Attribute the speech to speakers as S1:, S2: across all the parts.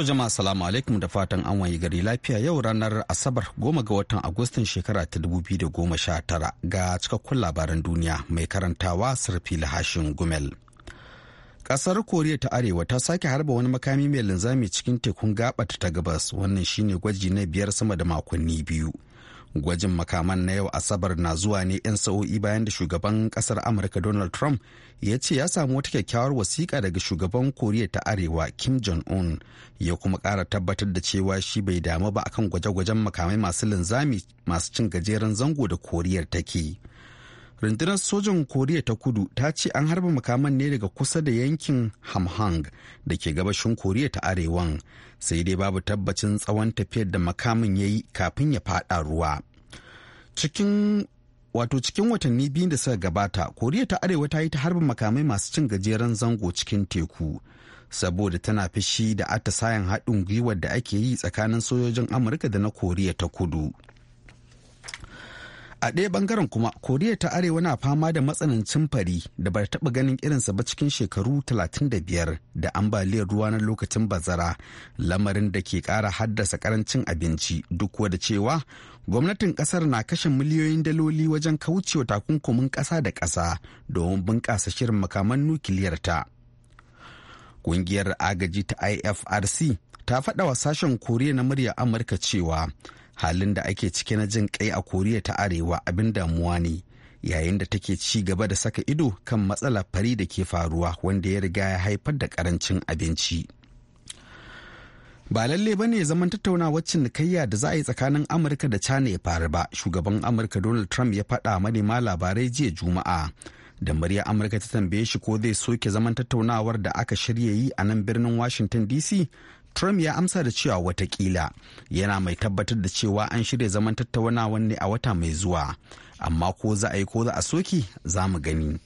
S1: To jama'a salamu alaikum da fatan an waye gari lafiya yau ranar Asabar goma ga watan Agustan shekara ta dubu biyu da goma sha tara ga cikakkun labaran duniya mai karantawa Sarfi Lahashin Gumel. Kasar Koriya ta Arewa ta sake harba wani makami mai linzami cikin tekun gabata ta gabas wannan shine gwaji na biyar sama da makonni biyu. Gwajin makaman na yau Asabar na zuwa ne 'yan sa'o'i bayan da shugaban kasar Amurka Donald Trump ya ce ya samu wata kyakkyawar wasiƙa daga shugaban Koriya ta Arewa Kim Jong-un ya kuma ƙara tabbatar da cewa shi bai damu ba akan gwaje-gwajen makamai masu linzami masu cin gajeren zango da Koriyar take. rundunar sojan koriya ta kudu ta ce an harba makaman ne daga kusa da yankin hamhang da ke gabashin koriya ta arewan sai dai babu tabbacin tsawon tafiyar da makamin ya yi kafin ya fada ruwa cikin wato cikin watanni biyu da suka gabata koriya ta arewa ta yi ta harba makamai masu cin gajeren zango cikin teku saboda tana fishi da atisayen haɗin gwiwar da ake yi tsakanin sojojin amurka da na koriya ta kudu a ɗaya bangaren kuma koriya ta arewa na fama da matsanancin fari da bata taɓa ganin irinsa ba cikin shekaru 35 da ambaliyar ruwa na lokacin bazara lamarin da ke ƙara haddasa ƙarancin abinci duk da cewa gwamnatin ƙasar na kashe miliyoyin daloli wajen kaucewa takunkumin ƙasa da ƙasa domin bunƙasa shirin makaman nukiliyarta. Ƙungiyar agaji ta IFRC ta faɗa wa sashen koriya na murya amurka cewa halin da ake ciki na jin kai a koriya ta arewa abin damuwa ne yayin da take ci gaba da saka ido kan matsala fari da ke faruwa wanda ya riga ya haifar da karancin abinci ba lalle ba ne zaman tattaunawar kayya da za a yi tsakanin amurka da china ya faru ba shugaban amurka donald trump ya faɗa manema labarai jiya juma'a da murya amurka ta tambaye shi ko zai soke zaman tattaunawar da aka shirya yi a nan birnin washington dc Trump ya amsa da cewa watakila yana mai tabbatar da cewa an shirya zaman tattaunawan ne a wata mai zuwa, amma ko za a yi ko za a soki za mu gani.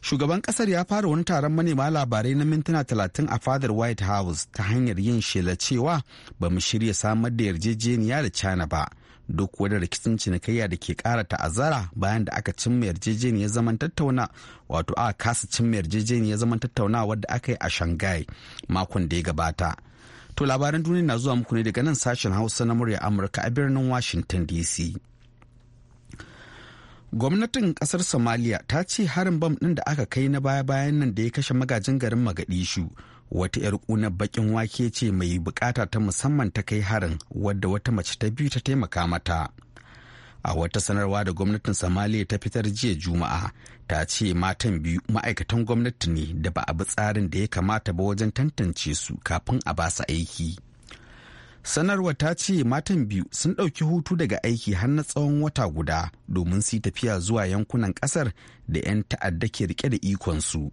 S1: Shugaban kasar ya fara wani taron manema labarai na mintuna talatin a fadar White House ta hanyar yin shela cewa ba mu shirya samar da yarjejeniya da China ba, duk wani rikicin cinikayya da ke kara ta'azzara bayan da aka cimma yarjejeniyar zaman tattauna wato aka kasa cimma yarjejeniyar zaman tattauna wadda aka yi a shanghai makon da ya gabata to labaran duniya na zuwa muku ne daga nan sashen hausa na murya amurka a birnin washington dc gwamnatin kasar somalia ta ce harin bam ɗin da aka kai na baya-bayan nan da ya kashe magajin garin magadishu wata 'yar ƙunar bakin wake ce mai bukata ta musamman ta kai harin wadda wata mace ta biyu ta taimaka mata a wata sanarwa da gwamnatin somaliya ta fitar jiya juma'a ta ce matan biyu ma'aikatan gwamnati ne da ba a bi tsarin da ya kamata ba wajen tantance su kafin a ba su aiki sanarwa ta ce matan biyu sun ɗauki hutu daga aiki har na tsawon wata guda domin su tafiya zuwa yankunan ƙasar da 'yan ta'adda ke rike da ikonsu. su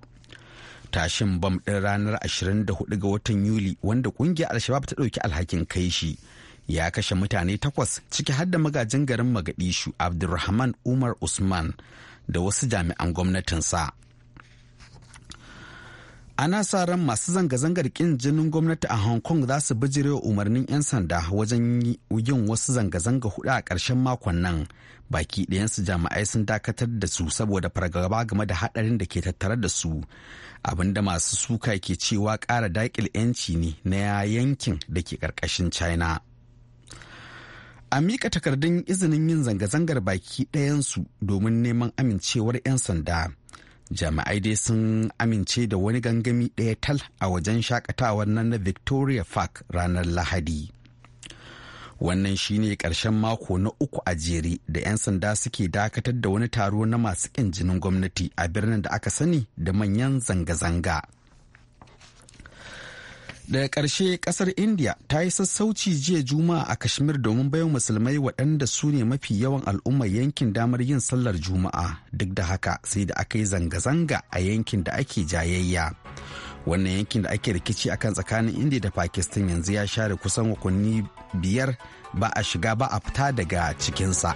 S1: tashin bam ɗin ranar 24 ga watan yuli wanda ƙungiyar alshabab ta ɗauki alhakin kai shi ya kashe mutane takwas ciki har da magajin garin magadishu abdulrahman umar usman da wasu jami'an gwamnatinsa ana sa ran masu zanga-zangar kin jinin gwamnati a hong kong za su bijire umarnin 'yan sanda wajen yin wasu zanga-zanga hudu a ƙarshen makon nan baki ɗayansu jami'ai sun dakatar da su saboda fargaba game da haɗarin da ke tattare da su abinda masu suka ke cewa ƙara daƙil 'yanci ne na yankin da ke ƙarƙashin china a mika takardun izinin yin zanga-zangar baki ɗayansu domin neman amincewar 'yan sanda jami'ai dai sun amince da wani gangami ɗaya tal a wajen shakatawar nan na victoria park ranar lahadi wannan shine ƙarshen mako na uku a jere da 'yan sanda suke dakatar da wani taro na masu ƙin jinin gwamnati a birnin da aka sani da manyan zanga-zanga. daga ƙarshe ƙasar india ta yi sassauci jiya juma'a a kashmir domin bayan musulmai waɗanda su ne mafi yawan al'ummar yankin damar yin sallar juma'a duk da haka sai da aka yi zanga-zanga a yankin da ake jayayya wannan yankin da ake rikici akan tsakanin india da pakistan yanzu ya share kusan wakonni biyar ba a shiga ba a fita daga cikinsa.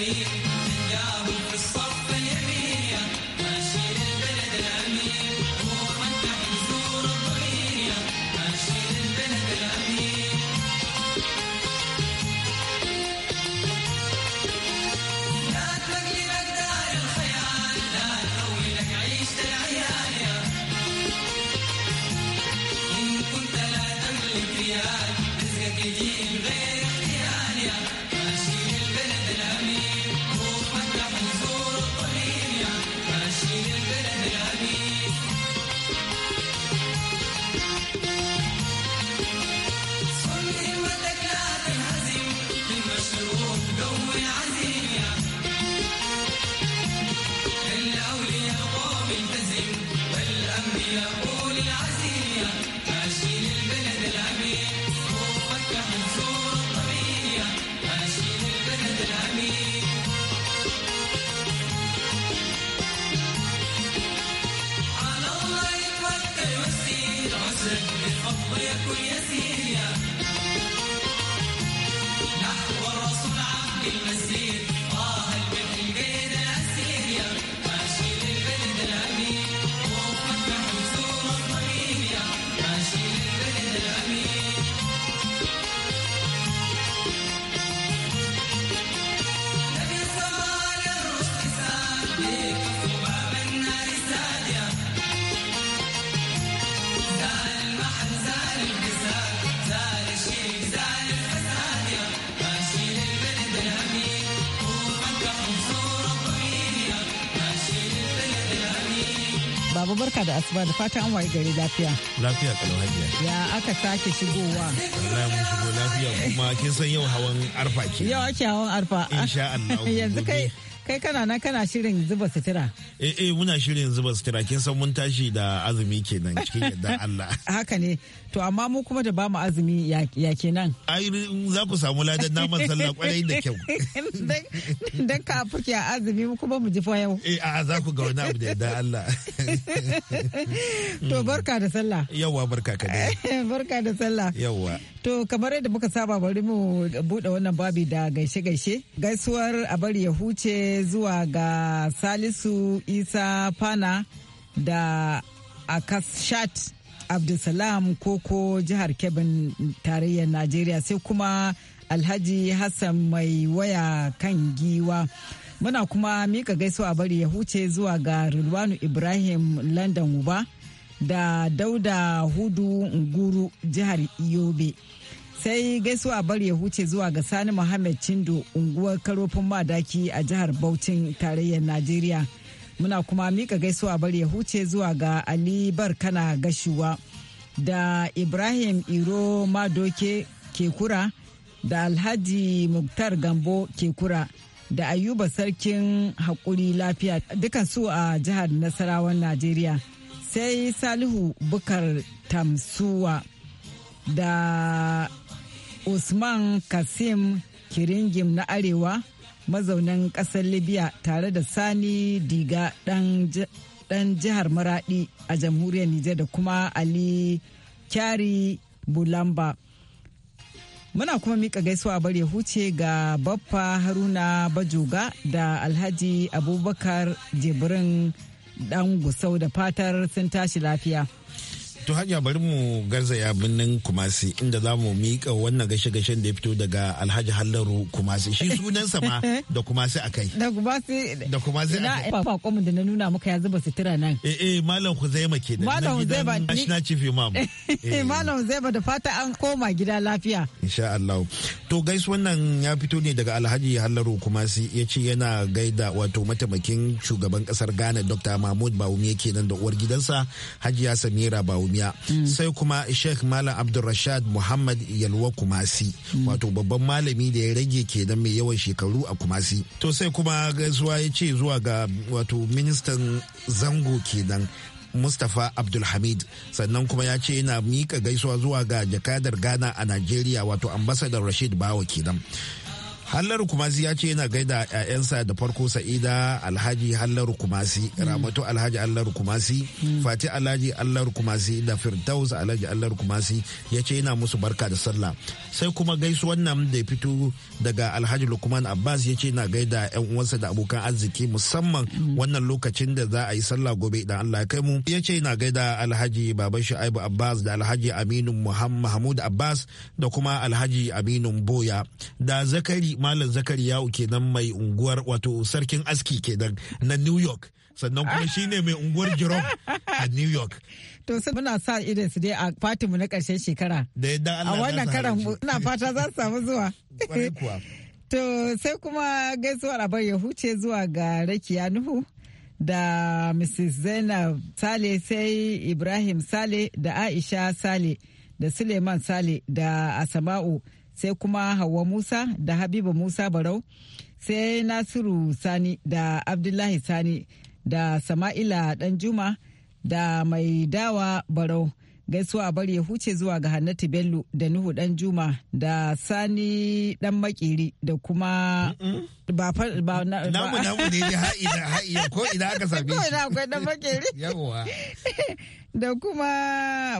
S2: me, yeah, we're
S3: Baba barka da asuba da fatan an waye gari lafiya.
S4: Lafiya kalau hajiya.
S3: Ya aka sake shigowa.
S4: Wallahi mun shigo lafiya kuma kin san yau hawan arfa ke. Yau ake
S3: hawan arfa. Insha Allah. Yanzu kai kai kana na kana shirin zuba sutura.
S4: Eh eh muna shirin zuba sutura kin san mun tashi da azumi kenan cikin yadda Allah.
S3: Haka ne. To amma mu kuma da bamu azumi ya kenan.
S4: Ai za ku samu ladan naman sallah kwarai da kyau.
S3: Dan ka fuke a azumi mu kuma mu ji fa yau.
S4: Eh a za ku ga wani abu da yadda Allah.
S3: To barka da sallah.
S4: Yawwa barka ka dai.
S3: Barka da sallah. Yawwa. To kamar yadda muka saba bari mu buɗe wannan babi da gaishe-gaishe. Gaisuwar a bari ya huce zuwa ga Salisu Isa Fana da Akashat Abdulsalam Koko jihar Kebbi tarayyar Najeriya sai kuma Alhaji Hassan mai waya kan giwa. Muna kuma mika gaisuwa bari ya huce zuwa ga rulwanu Ibrahim London Uba. da dauda hudu nguru jihar yobe sai gaisuwa bari ya huce zuwa ga sani muhammad cindo unguwar karofin madaki a jihar bautin tarayyar najeriya muna kuma mika gaisuwa bari ya huce zuwa ga ali barkana gashuwa da ibrahim iro madoke kekura da alhaji muktar gambo kekura da ayuba sarkin haƙuri lafiya dukansu a jihar nasarawan najeriya sai salihu bukar tamsuwa da usman kasim kiringim na arewa mazaunin ƙasar libya tare da sani diga ɗan jihar maraɗi a jamhuriyar nijar da kuma ali kyari bulamba muna kuma mika gaisuwa bare huce ga baffa haruna bajoga da alhaji abubakar jibrin dan gusau da fatar sun tashi lafiya.
S4: To hanya bari mu garzaya birnin Kumasi inda za mu miƙa wannan gashe-gashen da ya fito daga Alhaji Hallaru Kumasi. Shi sunansa ma da Kumasi a kai.
S3: Da Kumasi. Da
S4: Kumasi a kai. Ina
S3: fafa da na nuna maka ya zuba sutura nan.
S4: Eh eh Malam Huzaima ke da. Malam Huzaima. National Chief Imam.
S3: Eh. Malam Huzaima da fata an koma gida lafiya.
S4: Insha Allah. To gais wannan ya fito ne daga Alhaji Hallaru Kumasi ya ce yana gaida wato mataimakin shugaban kasar Ghana Dr. Mahmud Bawumia kenan da uwar gidansa Hajiya Samira Bawumi. Dumiya mm. sai kuma Sheikh Malam Abdulrashad Muhammad Yalwa Kumasi mm. wato babban malami da ya rage kenan mai yawan shekaru a Kumasi to sai kuma gaisuwa ya ce zuwa ga wato ministan zango kenan Mustapha Abdulhamid sannan kuma ya ce yana mika gaisuwa zuwa ga jakadar Ghana a Najeriya wato ambasadar Rashid Bawa kenan. Hallaru Kumasi ya ce yana gaida 'ya'yansa da farko Sa'ida Alhaji Hallaru Kumasi, mm. Ramatu Alhaji Hallaru Kumasi, mm. Fati Alhaji Hallaru Kumasi da Firdaus Alhaji Hallaru Kumasi ya ce yana musu barka da sallah. Sai kuma gaisuwan nan da ya fito daga Alhaji Lukman Abbas ya ce yana gaida 'yan uwansa da abokan arziki musamman mm. wannan lokacin da za a yi sallah gobe idan Allah ya kai mu. Ya ce yana gaida Alhaji Baban Shu'aibu Abbas da Alhaji Aminu Muhammad Abbas da kuma Alhaji Aminu Boya da Zakari malam zakari yawo kenan mai unguwar wato sarkin aski kenan na new york sannan kuma shi ne mai unguwar jerome a new york
S3: to sai muna sa idan su dai a fatinmu na ƙarshen shekara
S4: a wannan karan
S3: Muna fata za su samu zuwa to sai kuma gaisuwar abar ya huce zuwa ga rakiya nuhu da mrs zainab sale sai ibrahim sale da aisha sale da suleiman sale da asama'u sai kuma Hauwa Musa da Habiba Musa Barau, sai Nasiru Sani da Abdullahi Sani da Sama'ila Danjuma da Mai Dawa Barau. Gaisuwa a bari ya huce zuwa ga Hannatu Bello da Nuhu Danjuma da Sani Dan Makiri da kuma ba fa ba na namu namu ne ha ha'ida ko ina aka sabe shi ko ina akwai Dan Makiri yawa da kuma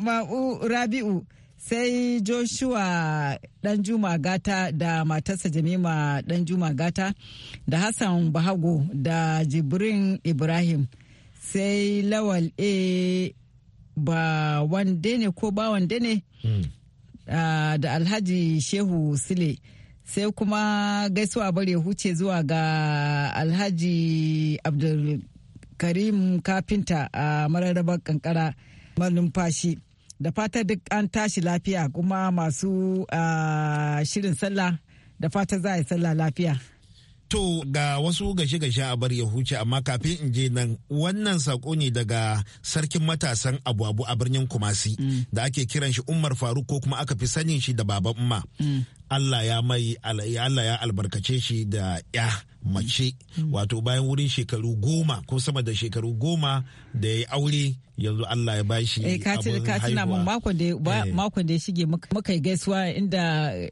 S3: Ma'u Rabi'u sai joshua juma gata da matarsa jamima juma gata da hassan bahago da jibrin ibrahim sai lawal e ba wande ne ko ba wande ne hmm. da alhaji shehu sile sai kuma gaisuwa bare huce zuwa ga alhaji abdulkarim kafinta a mararrabar kankara malumfashi da fatar duk an tashi lafiya kuma masu shirin sallah da fata za a yi sallah lafiya.
S4: To ga wasu gashe gashi a bar ya huce amma kafin in je nan wannan sako ne daga sarkin matasan abu abu a birnin Kumasi mm. da ake kiran shi Umar Faruk ko kuma aka fi sanin shi da baban Umma. Mm. Allah ya mai Allah ya albarkace shi da ya mace mm. wato bayan wurin shekaru goma ko sama da shekaru goma da ya yi aure yanzu Allah ya bashi eh, abin haihuwa ci katin mun makon da eh.
S3: makon da ya shige muka gaisuwa inda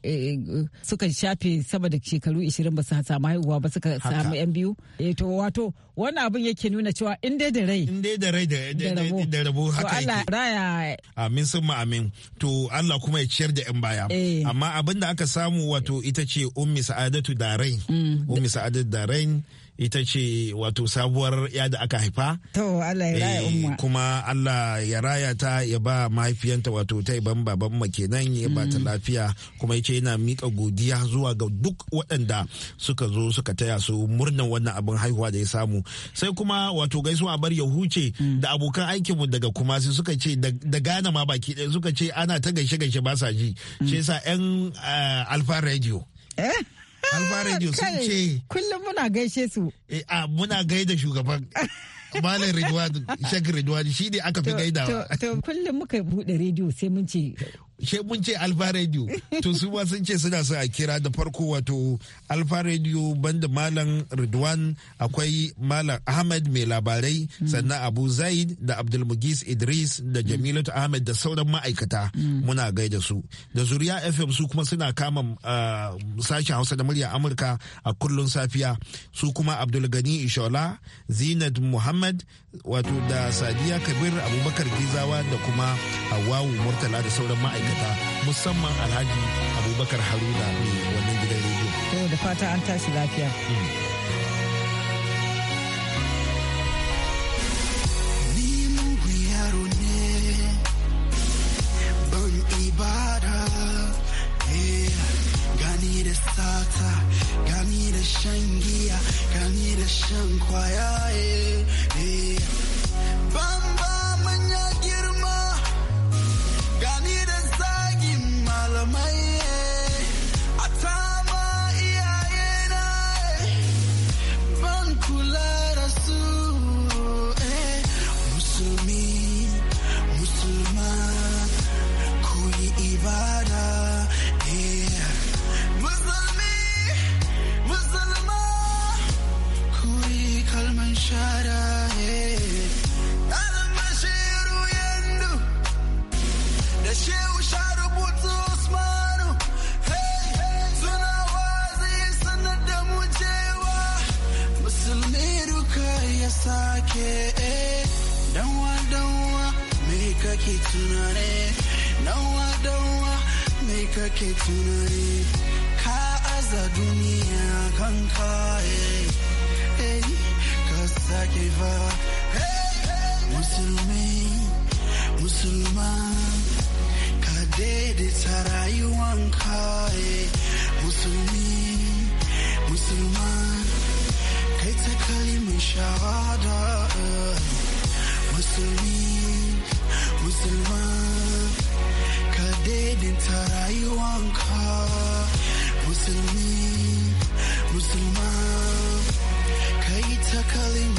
S3: eh, suka shafe sama da shekaru 20 ba su samu haihuwa ba suka samu yan biyu eh to wato wannan abin yake nuna cewa in dai da rai
S4: in dai da rai da rabo haka yake Allah
S3: raya
S4: amin sun ma amin to Allah kuma ya ciyar da yan baya amma abin da aka samu wato ita ce ummi sa'adatu da rain mm. ummi sa'adatu da rain ita ce wato sabuwar ya da aka haifa to Allah ya raya eh, umma kuma Allah ya raya ta ya ba mahaifiyanta wato ta ban baban kenan ya ba ta mm. lafiya kuma ya ce yana mika godiya zuwa ga duk waɗanda suka zo suka taya su murnan wannan abin haihuwa da ya samu sai kuma wato gaisuwa bar ya huce mm. da abokan aikinmu daga kuma sai suka ce da gana ma baki ɗaya suka ce ana ta gaishe gaishe ba sa ji mm. shi yasa yan eh, alfa radio eh? alfarejo ah, sun ce. Kullum muna gaishe su. Eh, A ah, muna gaida shugaban. Malam Ridwan, Shek Ridwan shi ne aka fi gaidawa.
S3: To kullum muka buɗe rediyo sai mun ce
S4: she mun ce alfa radio to su ma sun ce suna sa a kira da farko wato alfa radio banda malam ridwan akwai malam ahmed mai labarai mm. sannan abu zaid da abdulmugis idris da mm. jamilatu ahmed da sauran ma'aikata mm. muna gaida su da zuriya fm su kuma suna kama uh, sashen hausa da murya amurka a kullun safiya su kuma abdulgani ishola zinad muhammad wato da sadiya kabir abubakar gizawa da kuma hawawu murtala da sauran ma'aikata ma'aikata musamman alhaji abubakar haruna ne wannan gidan rediyo.
S3: to da fata an tashi lafiya.
S5: ibada eh, eh, sata gani da shan giya gani da shan kwaya ban ba manya girma you ake tunani ka aza duniya kan kaye eh, ka sake ba musulmi musulma ka daidaita rayuwan kaye musulmi musulma kai ta kalimin shahada musulmi musulma ka daidaita rayuwanka musulmi musulma ka yi ta kalin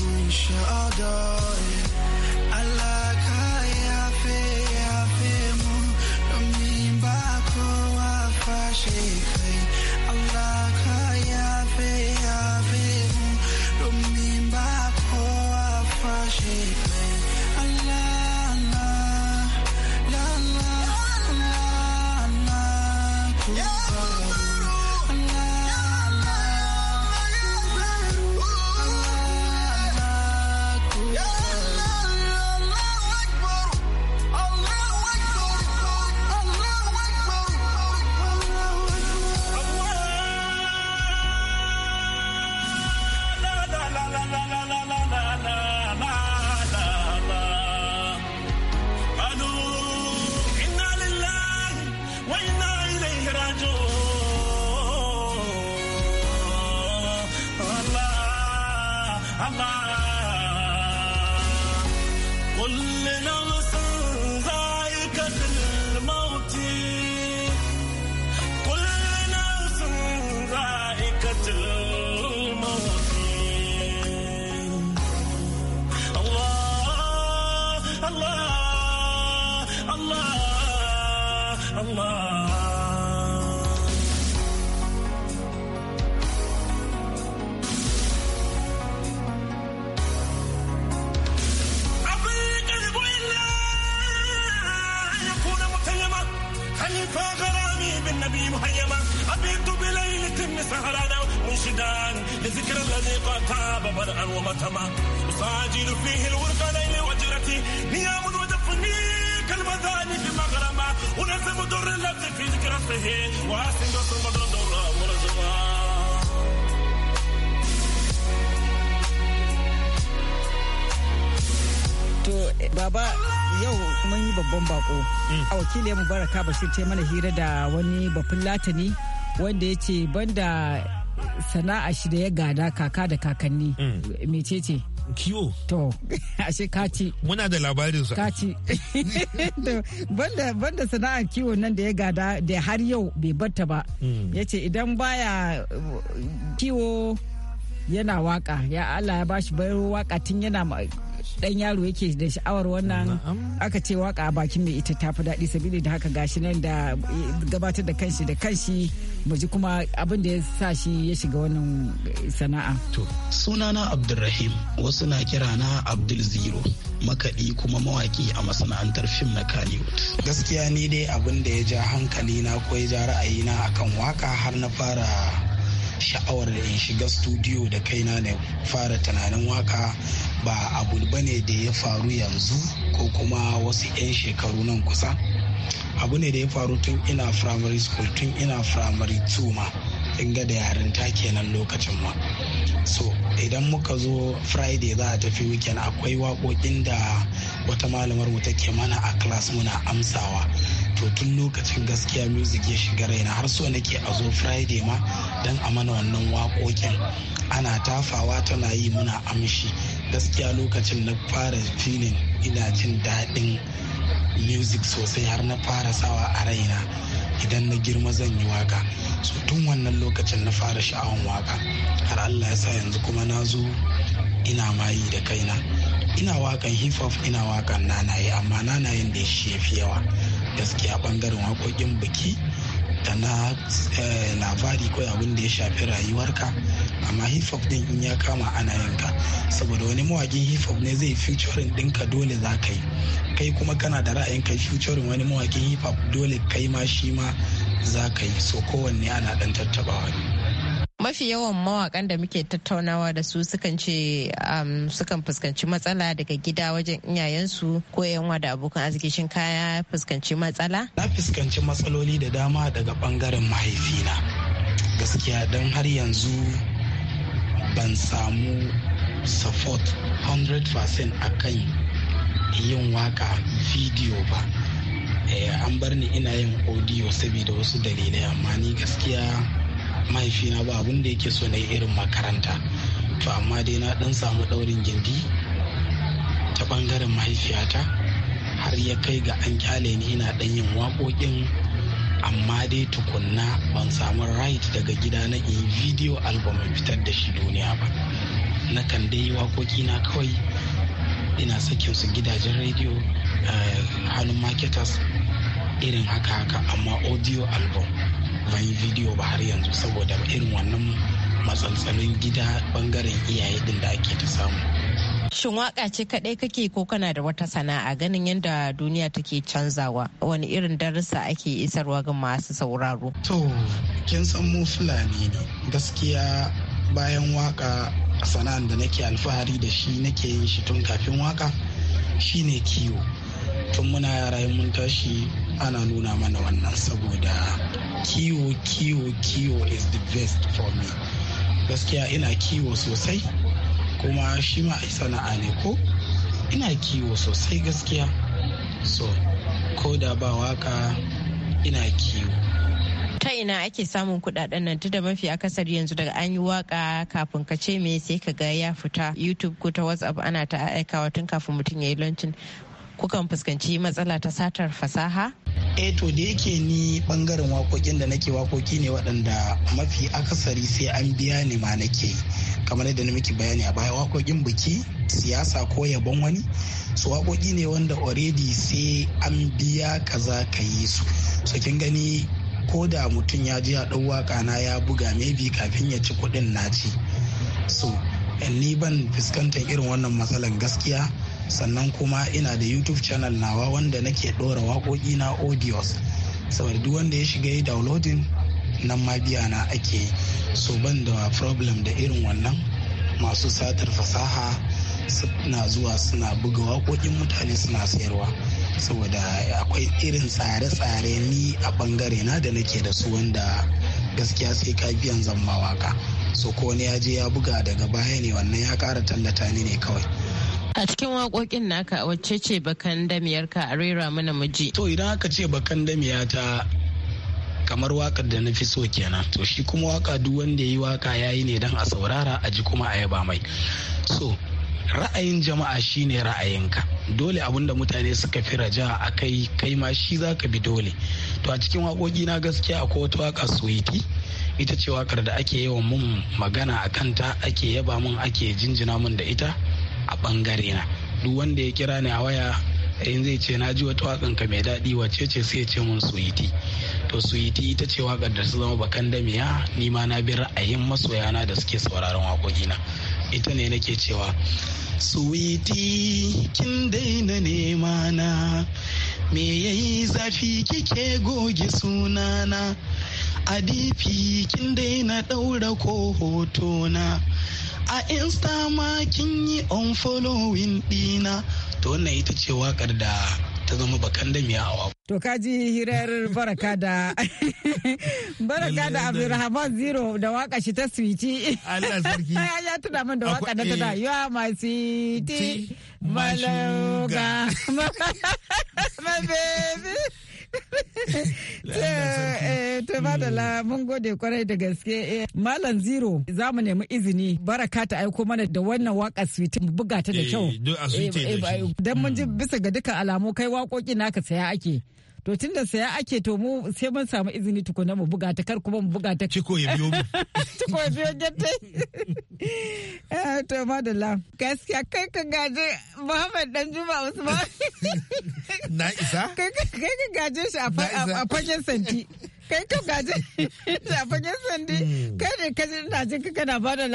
S5: علي فوق رامي بالنبي مهيمة أبيت بليلة سهرانة منشدان لذكر الذي قد تاب برأ ومتما أساجل فيه الورق ليل وجرتي نيام ودفني كالمذاني في مغرمة ونزم در اللبس في ذكر الصهيل واسم دور مدر در مرزمان
S3: To, Baba. yau mun yi babban bako mm. a wakilin mubaraka bashir ta mana hira da wani bafin latani wanda ya ce banda sana'a shi da ya gada kaka da kakanni mm. mecece kiwo to ashe kaci
S4: muna da labarin sa kaci
S3: banda banda sana'ar kiwo nan da ya gada da har yau bai batta ba mm. yace idan baya kiwo yana waka ya Allah ya bashi bayar waka tun yana dan yaro yake da sha'awar wannan aka ce waka a bakin mai ita tafi daɗi sabili da haka gashi nan da eh, gabatar da kanshi da kanshi mu ji kuma abin da ya sa shi ya shiga wannan eh, sana'a.
S6: To sunana Abdulrahim wasu na kira na Abdul Zero makaɗi kuma mawaki a masana'antar fim na Kannywood. Gaskiya ni dai abin da ya ja hankali na ko ya ja ra'ayi na akan waka har na fara sha'awar da in shiga studio da kaina ne fara tunanin waka ba abu bane da ya faru yanzu ko kuma wasu 'yan shekaru nan kusa abu ne da ya faru tun ina primary school tun ina primary 2 ma in ga da yarinta kenan lokacin ma so idan muka zo friday za a tafi weekend akwai waƙoƙin da wata malamar mu take mana a class muna amsawa to tun lokacin gaskiya music ya shiga raina har so nake a zo friday ma don a mana wannan waƙoƙin ana tafawa tana yi muna amshi gaskiya lokacin na fara filin ina jin daɗin music sosai har na fara sawa a raina idan na girma zan yi waka so tun wannan lokacin na fara sha'awan waka har allah ya sa yanzu kuma na zo ina ma yi da kaina ina wakan hip hop ina wakan nanaye amma nanayen da shi yafi yawa gaskiya bangaren waƙoƙin biki da na eh, labari ko abin da ya shafi rayuwarka amma hip hop din in ya kama ana yanka saboda wani mawakin hip hop ne zai featuring dinka dole za ka yi kai kuma kana da ra'ayin kai featuring wani mawakin hip hop dole kai ma shi ma za ka yi so kowanne ana dan tattabawa ne
S3: mafi yawan mawakan da muke tattaunawa da su sukan ce um, sukan fuskanci matsala daga gida wajen iyayensu ko yanwa da abokan arziki shin kaya fuskanci
S6: matsala na fuskanci matsaloli da dama daga bangaren mahaifina gaskiya don har yanzu ban samu support 100% akan yin waka video ba eh, an bar ni ina yin audio saboda wasu dalilai amma ni gaskiya mahaifina ba abin da yake so na yi irin makaranta to amma dai na dan samu daurin gindi ta bangaren mahaifiyata har ya kai ga an kyale ni ina dan yin waƙoƙin amma dai tukunna ban samu right daga gida na yi video album fitar da shi duniya ba na kan dai yi waƙoƙi na kawai ina sakin su gidajen rediyo eh, hannun marketers irin haka haka amma audio album mai yi bidiyo ba har yanzu saboda irin wannan matsantsalin gida bangaren iyaye din da ake ta samu
S3: Shin waka ce kaɗai kake ko kana da wata sana'a ganin yadda duniya take canzawa wani irin darussa ake isarwa ga masu
S6: sauraro? To, kin san mu Fulani ne gaskiya bayan waka sana'an da nake alfahari da shi nake yin shi tun kafin waka shine kiwo. Tun muna yara mun tashi ana nuna mana wannan saboda kiwo kiwo kiwo is the best for me gaskiya ina kiwo sosai kuma shi ma sana'a ne ko ina kiwo sosai gaskiya so ko da ba waka ina kiwo
S3: ta ina ake samun kudaden nan da mafi akasari yanzu daga an yi waka kafin ka ce me sai ka ga ya fita youtube ko ta whatsapp ana ta aikawa tun kafin mutum ya yi lancin kukan fuskanci matsala ta satar fasaha?
S6: E to da yake ni bangaren wakokin da nake wakoki ne waɗanda mafi akasari sai an biya ni ma nake kamar da na miki bayani a baya wakokin biki siyasa ko yabon wani su wakoki ne wanda already sai an biya kaza ka yi su sakin kin gani ko da mutum ya ji ya ɗau waka na ya buga maybe kafin ya ci kuɗin na ci so ni ban fuskantar irin wannan matsalan gaskiya sannan kuma ina da youtube channel nawa wanda nake ɗora waƙoƙi na audios saboda duk wanda ya shiga yi downloading nan ma biya na ake so ban da problem da irin wannan masu satar fasaha na zuwa suna buga waƙoƙin mutane suna sayarwa saboda akwai irin tsare-tsare ni a bangare na da nake da su wanda gaskiya sai ka biyan zan mawaka so ko wani ya je ya buga daga baya ne wannan ya kara tallata ni ne kawai
S3: A cikin waƙoƙin naka wacce ce bakan damiyarka a rera mana muji?
S6: To idan aka ce bakan damiya ta kamar wakar da na fi so kenan to shi kuma waka duk wanda ya yi waka ya yi ne don a saurara a ji kuma a yaba mai so ra'ayin jama'a shine ra'ayinka dole abinda mutane suka fi raja a kai kai ma shi za ka bi dole to a cikin waƙoƙi na gaskiya akwai wata waka suwiti ita ce wakar da ake yawan mun magana a kanta ake yaba mun ake jinjina mun da ita a bangare na duk wanda ya kira ni a waya eh, in zai ce na ji wata wakan ka mai daɗi wace ce sai ce mun suiti to suiti ita ce waƙar da su zama bakan damiya ni ma na bi ra'ayin masoyana da suke sauraron waƙoƙina ita ne nake cewa suwiti kin daina nema na me yayi zafi kike goge sunana adifi kin daina ɗaura ko hotona a insta ma kin yi on following dina to wannan ita ce wakar da ta zama bakan da wako. To ka ji
S3: hirar baraka da baraka da Abdulrahman Zero da waka shi ta switi. Allah sarki. Ya tuna min da waka da tana eh. you are my sweetie. Maloga. My baby. ta ba la mun gode kwarai da gaske eh, malam zero za mu nemi izini baraka ta aiko mana da wannan waka suite buga ta da eh, kyau don eh, mun ji hmm. bisa ga dukkan alamu kai waƙoƙi naka saya ake to tun da saya ake to mu sai mun samu izini tukuna mu buga ta kar kuma mu buga ta ciko ya biyo mu ciko ya biyo eh to madalla gaskiya kai ka gaje Muhammad dan Juma Usman na isa kai ka gaje shi a fagen santi kai ka gaje shi a fagen santi hmm. kai ne ka ji ina ji kana bada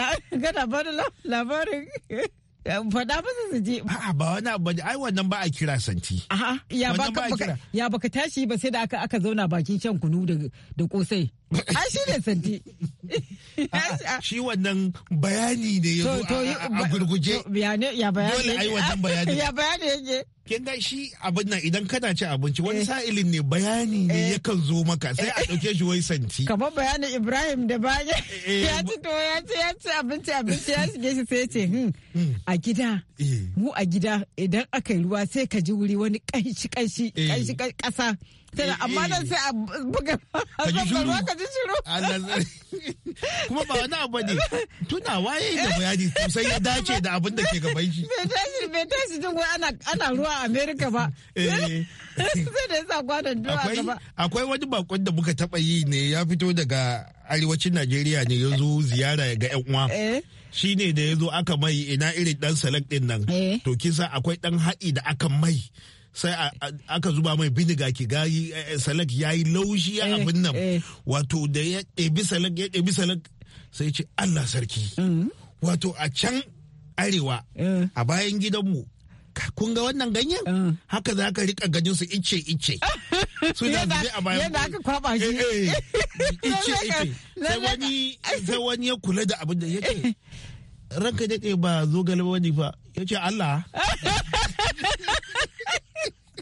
S3: labarin Eh, faɗa ba su
S4: je. A'a ba wani abu ai wannan ba a kira santi.
S3: ya baka ya baka tashi ba sai da aka aka zauna bakin shan kunu da da kosai. Ai shi ne santi.
S4: Shi wannan bayani ne ya zo a gurguje. Ya bayani. Dole ai wannan bayani. Ya bayani yake. kin ga shi abin nan idan kana ci abinci wani eh. sa'ilin ne bayani ne eh. yakan zo maka sai a eh. ɗauke shi wai santi kamar bayanin ibrahim da baya
S3: ya ci to ya ci ya ci abinci abinci ya shige shi sai ce hmm, hmm. a gida mu a gida idan aka yi ruwa sai ka ji wuri wani kanshi kanshi kanshi kasa amma nan sai a
S4: buga zamba ka ji shiru kuma ba wani abu ne tuna waye da bayani sai ya dace da abin da ke gaban shi
S3: bai tashi jin wai ana ruwa a america ba eh. sai da yasa kwanan duwa gaba
S4: akwai wani bakon da muka taba yi ne ya fito daga arewacin najeriya ne ya zo ziyara ga ƴan uwa eh. shi ne da ya zo aka mai ina irin dan salak din nan eh. to kisa akwai dan haɗi da aka mai sai aka zuba mai biniga ki gayi eh, eh, salak ya yi laushi ya eh, abin nan wato da ya ɗebi salak ya ɗebi salak sai ce Allah sarki mm-hmm. wato a can arewa a bayan gidanmu kun ga wannan ganyen haka za ka rika ganin su ice ice su da a bayan yadda aka kwaba shi ice ice sai wani sai wani ya kula da abin da yake ranka dade ba zo galaba wani fa yace Allah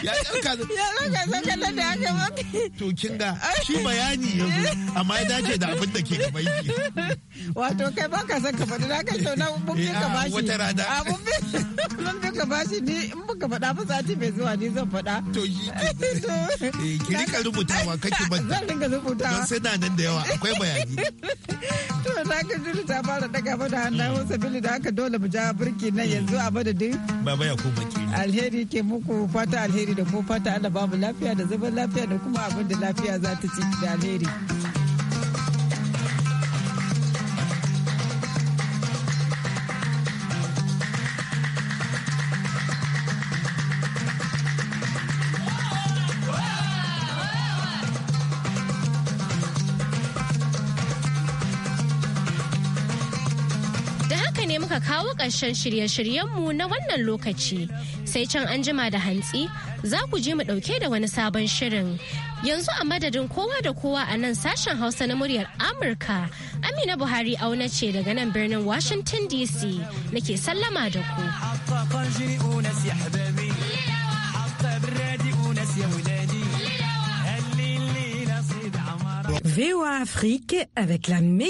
S4: ya ɗauka ya ɗauka sakatar da aka maka to kin ga shi bayani yanzu amma ya dace da abin da ke gaba yake
S3: wato kai ba ka san ka faɗi na kai sau na bubbe ka eh, bashi wata rada a bumbi bumbi ka bashi ni in baka faɗa ba sati mai zuwa ni zan faɗa to yi
S4: eh, ki rika rubutawa kake ban zan rika rubutawa don sai na nan da yawa akwai bayani
S3: to na ka juri ta fara daga ba da hannayen sabili da haka dole mu ja birki nan yanzu a madadin baba ya ko alheri ke muku fata alheri alheri da kuma fata Allah babu lafiya da zaman lafiya da kuma abin da lafiya za ta ci da alheri.
S7: kawo ƙarshen shirye-shiryenmu na wannan lokaci sai can anjima da hantsi za ku je mu ɗauke da wani sabon shirin. Yanzu a madadin kowa da kowa a nan sashen Hausa na muryar Amurka, Amina Buhari auna ce daga nan birnin Washington DC nake sallama da ku.
S2: VOA Afrique avec la